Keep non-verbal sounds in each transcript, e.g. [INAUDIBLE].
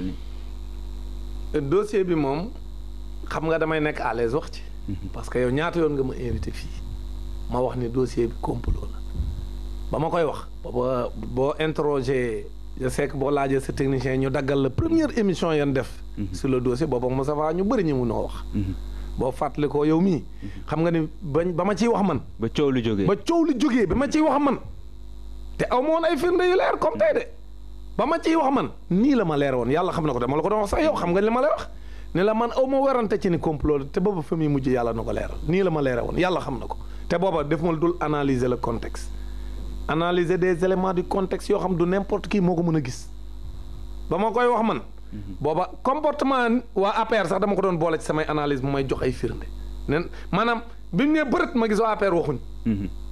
yi. dossier bi moom xam nga damay nekk à l'aise wax ci. Mhm. parce que yow ñaata yoon nga ma invité fii ma wax ni dossier bi complot la ba ma koy wax. ba boo interroger je sais boo laajee sa technicien ñu daggal la première émission yan def. Mhm. sur le dossier boobu ak Moussa Farr ñu bëri ñu noo wax. Mhm. boo fàttali koo yow mii. xam nga ni bañ ba ma ciy wax man. ba coow lu jógee ba coow lu jógee ba ma ciy wax man. te aw ma woon ay firnde yu leer comme de. ba ma ciy wax man nii la ma leere woon yàlla xam na ko dama la ko doon wax sax yow xam nga li ma lay wax ne la man aw ma werante ci ni complot te booba fa muy mujj yàlla na ko leer nii la ma leere woon yàlla xam na ko te booba def ma dul analyser le contexte analyser des éléments du contexte yoo xam du n'importe qui moo ko mën a gis ba ma koy wax man mhm. booba comportement waa APR sax dama ko doon boole samay analyse mu may jox ay firnde nen maanaam bi mu ma gis waa APR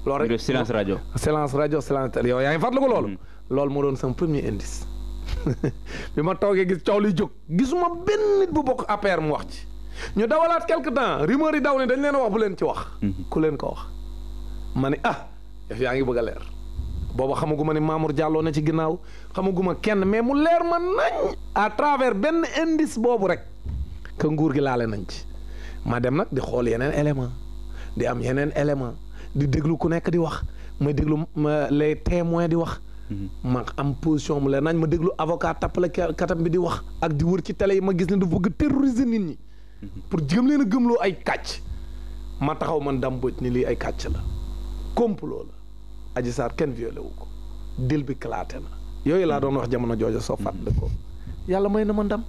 loolu rek silence rajo silence rajo silence télé yow yaa ngi fàttaliku loolu mm-hmm. loolu moo doon sama premier indice [LAUGHS] bi ma toogee gis coow li jóg gisuma benn nit bu bokk APR mu wax ci ñu dawalaat quelque temps rumeur yi daw ni dañ leen wax bu leen ci wax mm-hmm. ku leen ko wax ma ni ah yaf yaa ngi bëgg a leer booba xamaguma ni Mamour jàlloo na ci ginnaaw xamaguma kenn mais mu leer ma nañ à travers benn indis boobu rek que nguur gi laale nañ ci ma dem nag di xool yeneen élément di am yeneen élément di déglu ku nekk di wax may déglu les témoins di wax. Mhm. ma am position mu la nañ ma déglu avocat tappale katam bi di wax ak di wër ci télé yi ma gis ne du bëgg terroriser nit ñi. Mhm. pour jëm a gëmloo ay kàcc. ma taxaw man damboj ni lii ay kàcc la complot la Adji Sarr kenn violé wu ko dil bi claté na yooyu laa mhm. doon wax jamono jooju soo fàttali ko yàlla may na ma ndam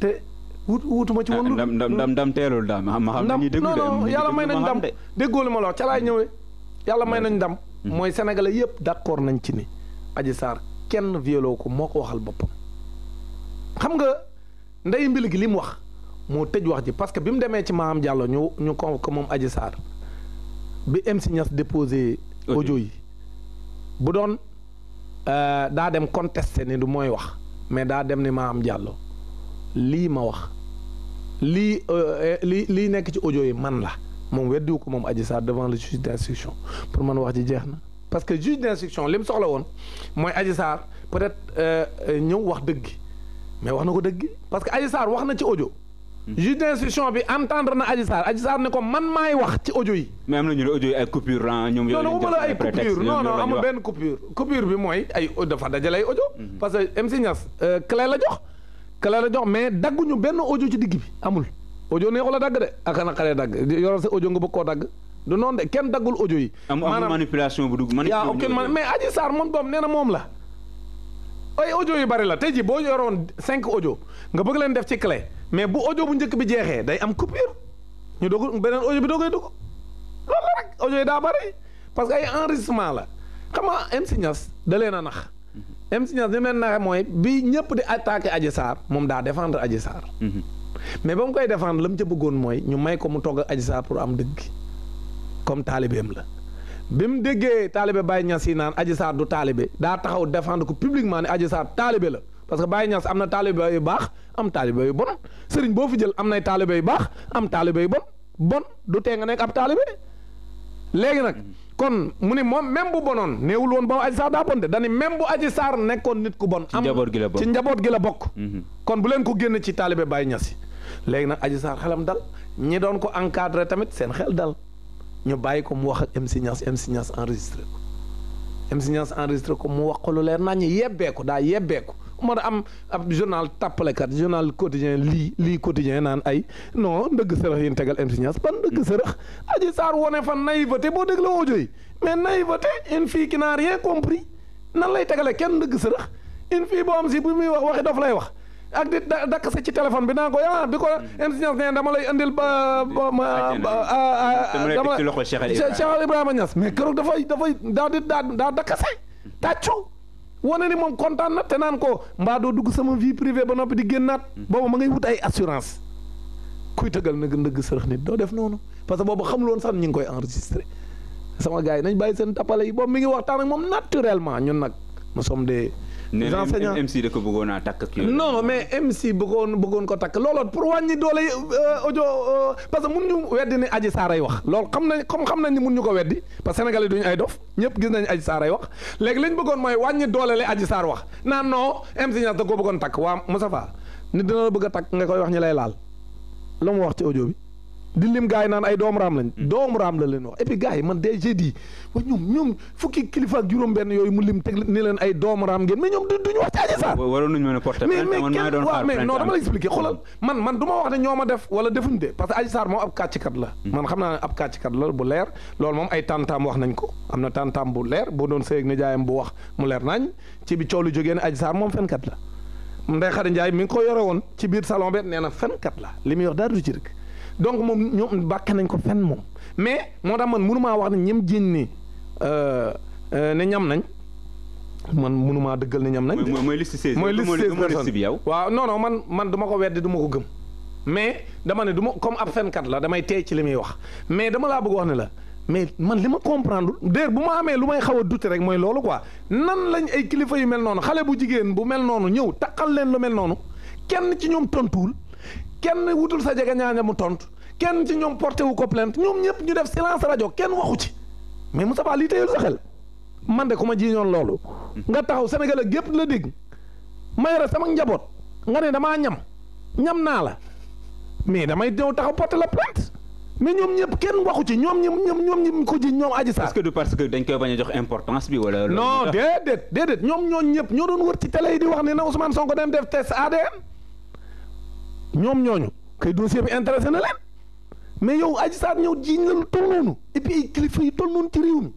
te wut wutuma ci woon. Ah, ndam ndam ndam teelul daal ma xam ma xam. non non yàlla may nañ ndam déggoo li ma la wax ca laay yàlla may nañ ndam. Mm-hmm. mooy sénégalais yëpp d' accord nañ ci ni. Adji Sarr kenn violé ko moo ko waxal boppam. xam nga ndey mbil gi li mu wax moo tëj wax ci parce que bi mu demee ci Maham Diallo ñu ñu ko moom Adji saar bi MC Niass déposé. audio yi bu doon euh, daa dem contesté ni du mooy wax mais daa dem ni am Diallo lii ma wax. lii euh, lii lii nekk ci audio yi man la moom weddiwu ko moom Adji Sarr devant le juge d'instruction pour man wax ji jeex na parce que juge d'instruction lim soxla woon mooy Adji Sarr peut-être euh, ñëw wax dëgg mais wax na ko dëgg parce que Adji Sarr wax na ci audio. Hmm. juge d'instruction bi entendre na Adji Sarr Adji Sarr ne ko man maay wax ci audio yi. mais am na ñu ne audio ay coupure ah ñoom. yooyu ñu ay coupure non non amul benn coupure coupure bi mooy ay dafa dajale ay audio. Hmm. parce que MC Niass euh, clé la jox. kala la jox mais dagguñu benn audio ci digg bi amul audio neexul a dagg de ak ah, naqaree dagg yoral sa audio nga bëgg koo dagg du noonu de kenn daggul audio yi. maanaam manipulation bu dugg manipulation bu dugg mais Adji Sarr moom doom nee moom la. ay audio yi bari la tey ji boo yoroon cinq audio nga bëgg leen def ci clé mais bu audio bu njëkk bi jeexee day am coupure ñu doog beneen audio bi doogay dugg loolu la rek audio yi daa bari parce que ay enregistrement la xam nga MC Niass da leen a nax. MC Niass li mel na mooy bi ñëpp di attaqué Adji moom daa défendre Adji Sarr. Mhm. mais ba mu koy défendre la mu ca bëggoon mooy ñu may ko mu togg ak Adji pour am dëgg comme taalibeem la. bi mu déggee taalibe Baye Niass yi naan Adji Sarr du taalibe daa taxaw défendre ko publiquement ne Adji Sarr taalibe la parce que Baye Niass am na taalibe yu baax am taalibe yu bon sëriñ boo fi jël am nay taalibe yu baax am taalibe yu bon bon du tee nga nekk ab taalibe léegi nag. Mhm. kon mu ne moom même bu bonoon néewul woon ba Adji Sarr daa bon de dani même bu Adji Sarr nekkoon nit ku bon. am ci njaboot gi la bokk mhm. kon bu leen ko génn ci taalibe Baye Niass léegi nag Adji Sarr xelam dal ñi doon ko encadré tamit seen xel dal ñu bàyyi ko mu wax ak MC Niass MC Niass enregistré ko ko mu wax ko lu leer nañu yebbee ko daa yebbee ko mën a am ab journal tàppalekat journal quotidien lii lii quotidien naan ay non ndëgg sërëx yéen tegal MC Niass ban ndëgg sërëx Adji Sarr wone fan naïveté boo dégg la woo jooy mais naïveté une fille qui n'a rien compris nan lay tegale kenn ndëgg sërëx une fille boo am si bu muy wax waxi dof lay wax ak di dakk sa ci téléphone bi naa ko ah bi ko MC Niass ne dama lay indil ba ah, ah, dama Cheikh Ibrahima dafay dafay daa di daa daa dakase tàccu wane ni moom kontaan na te naan ko mbaa doo dugg sama vie privée ba noppi di génnaat booba ma ngay wut ay assurance kuy tëggal nëg ndëgg sërëx nit doo def noonu parce que boobu xamul woon sax ñu ngi koy enregistré sama gaa yi nañ bàyyi seen tappale yi boobu mi ngi waxtaan ak moom naturellement ñun nag nous sommes des nee na MC da ko bëggoon a takk non mais MC bëggoon bëggoon ko takk looloo pour wàññi doole euh, audio euh, parce que mun ñu weddi ni Adji Sarr ay wax lool xam nañ comme xam nañ ni mun ñu ko weddi parce que sénégalais duñ ay dof ñëpp gis nañ Adji Sarr ay wax léegi lañ bëggoon mooy wàññi doole la Adji Sarr wax naan non MC Niass da koo bëggoon takk waa Moustapha nit dina la bëgg a takk nga koy wax ñi lay laal lu mu wax ci audio bi di lim gars yi naan ay doomu raam lañ. doomu raam la leen wax et puis man de j'ai dit ñoom ñoom fukki kilifa ak juróom-benn yooyu mu lim teg ni leen ay doomu raam ngeen mais ñoom duñu wax a du ma wax ne ñoo ma def wala defuñu de parce que Adji Sarr moom ab kàccikat la. Mm. man xam naa ne ab kàccikat la bu leer loolu moom ay tantam wax nañ ko am na tantam bu leer boo doon sëy ak nijaayam bu wax mu leer nañ ci bi coow lu jógee ne Adji Sarr moom fenkat la Ndeye Khady Ndiaye mi ngi yore woon ci biir salon bi nee na fenkat la li muy wax dara donc moom ñoom bàkke nañ ko fenn moom mais moo tax man mënumaa wax ne ñem jéñ ne euh, euh, ne ñam nañ man munu mënumaa dëggal ne ñam nañ. mooy mooy liste seize mooy liste personnes bi yow. waaw non man man duma ko weddi duma ko gëm mais dama ne duma comme ab fenkat la damay teey ci li muy wax mais dama laa bëgg wax ne la mais man li ma comprendre déer bu ma amee lu may xaw a duti rek mooy loolu ko nan lañ ay kilifa yu mel noonu xale bu jigéen bu mel noonu ñëw taqal leen lu mel noonu kenn ci ñoom tontuwul. kenn wutul sa jege ñaane mu tontu kenn ci ñoom porté wu ko plent ñoom ñëpp ñu def silence rajo kenn waxu ci mais mu Ba lii teyul sa xel man de ku ma jiiñoon loolu. nga taxaw Sénégal ak gépp la dégg ma yore sama njaboot nga ne damaa ñam ñam naa la mais damay ñëw taxaw porté la plainte mais ñoom ñëpp kenn waxu ci ñoom ñi ñoom ñoom parce que dañ koy bañ jox importance bi wala. non déedéet ñoom ñooñu ñëpp ñoo doon wër ci télé yi di wax ne na Ousmane Sonko dem def test ADN. ñoom ñooñu kay dossier bi intéressé na leen mais yow Adji Sarr ñëw jiiñ la lu toll noonu et puis ay kilifa yu toll noonu ci réew mi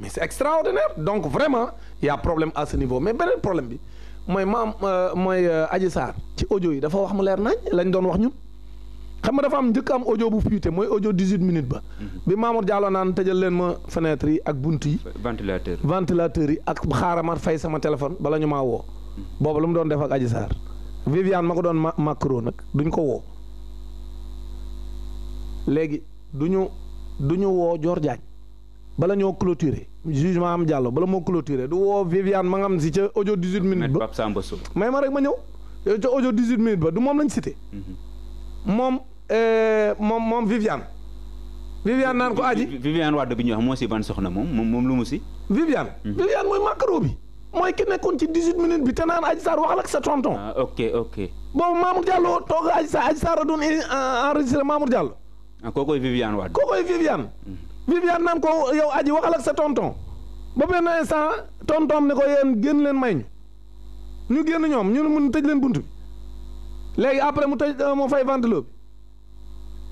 mais c'est extraordinaire donc vraiment y problème à ce niveau mais beneen problème bi mooy maam euh, mooy euh, Adji Sarr ci audio yi dafa wax mu leer nañ lañ doon wax ñun xam nga dafa am njëkk am audio bu fuité mooy audio 18 minutes ba. Mm-hmm. bi Mamour Diallo naan tëjal leen ma fenêtre yi ak bunt yi. ventilateur ventilateur yi ak xaaral ma fay sama téléphone bala ñu maa mm-hmm. boobu lu mu doon def ak Adji Viviane ma ko doon ma macro nag duñ ko woo léegi du ñu du ñu woo Dior bala ñoo clôturer jugement am Diallo bala moo clôturer du woo Viviane ma nga xam si ca audio 18 minutes ba may ma rek ma ñëw ca audio 18 ba du moom lañ cité mhm. moom eh, moom moom Viviane Viviane naan ko aji Viviane Wade bi moo si ban soxna moom moom moom lu mu si Viviane mhm. Viviane mooy macro bi mooy ki nekkoon ci 18 minutes bi te naan Adji Sarr waxal ak sa tonton. ah ok ok. boobu Mamour Diallo toog Adji Sarr Adji Sarr a doon euh, enregistré Mamour Diallo. ah kookoy Viviane waat. kookoy mm-hmm. naan ko yow Adji waxal ak sa tonton. ba benn instant tonton ne ko yéen génn leen may ñu. ñu génn ñoom ñu ne mun tëj leen bunt bi. léegi après mu tëj euh, mu fay ventilo bi.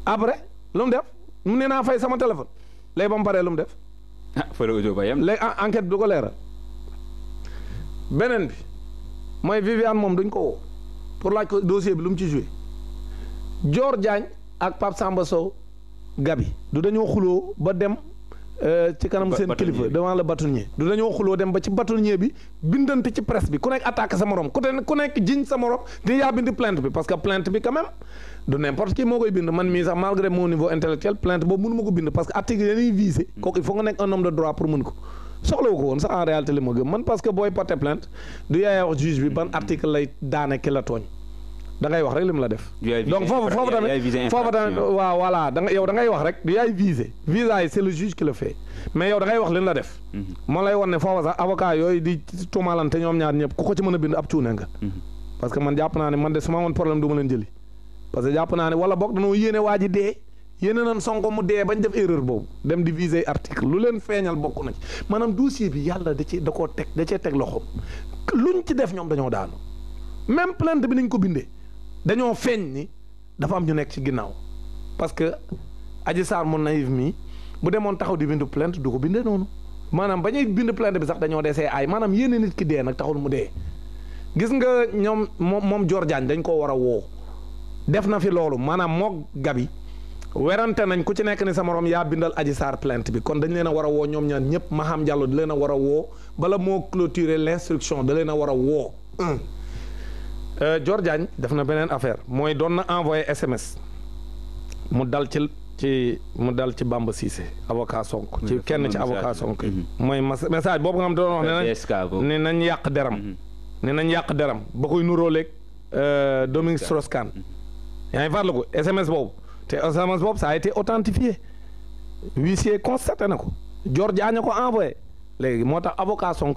après lu def mu ne naa fay sama téléphone. léegi ba mu paree lu mu def. ah Fodé Ojo ba yem léegi enquête ko leeral. beneen bi mooy Viviane moom duñ ko woo pour laaj ko dossier bi lu mu ci joué Dior Diagne ak Pape Samba Sow Gabi du dañoo xuloo ba dem euh, ci kanam seen kilifa devant le bâtonnier du dañoo xuloo dem ba ci bâtonnier bi bindante ci presse bi ku nekk attaque sa morom ku nekk jiñ sa morom di yaa bindi plainte bi parce que plainte bi quand du n'importe qui moo koy bind man mii sax malgré niveau intellectuel plainte boobu mënu ko bind parce que article yi dañuy visé mm. soxla soxlawu ko woon sax en réalité li ma gëm man parce que booy porter plainte du yaay wax juge bi ban article lay daane ki la tooñ da wax rek li la def. donc foofu foofu tamit foofu tamit waaw voilà da nga yow da ngay wax rek du yaay visé visa yi c'est le juge qui le fait mais yow da wax li la def. Mhm. moo lay wan ne foofa sax avocat yooyu di tuumalante ñoom ñaar ñëpp ku ko ci mën a bind ab cuune nga. Mhm. parce man jàpp naa ne man de su ma amoon problème naa ne wala boog dañoo yéene waa ji yéene nañ Sonko mu dee bañ def erreur boobu dem di viser article lu leen feeñal bokk nañ ci maanaam dossier bi yàlla da ci da koo teg da cee teg lu luñ ci def ñoom dañoo daanu même plainte bi nañ ko bindee dañoo feeñ ni dafa am ñu nekk ci ginnaaw parce que Adji Sarr mu naïf mi bu demoon taxaw di bindu plainte du ko bindee noonu maanaam ba ñuy bind bi sax dañoo desee ay maanaam yéene nit ki dee nag taxul mu dee gis nga ñoom moom moom Dior Diagne dañ ko war a woo def na fi loolu maanaam moog Gabi werante nañ ku ci nekk ni sa morom yaa bindal aji saar plainte bi kon dañ leen a war a woo ñoom ñaan ñëpp Maham Diallo di leen a war a woo bala moo clôturer l'instruction da leen a war a woo un euh, def na beneen affaire mooy doon na envoyé SMS mu dal ci ci mu dal ci Bamba Cissé avocat Sonko ci kenn ci avocat Sonko mhm. mooy message boobu nga xam te doon wax ne nañ yàq deram mhm. ne nañ yàq deram ba koy nuróoleeg euh, Dominique Strauss-Kahn mhm. yaa ngi farla ko SMS boobu te asamance boobu ça a été authentifié huissier constaté na ko Dior Diagne ko envoyé léegi moo tax avocation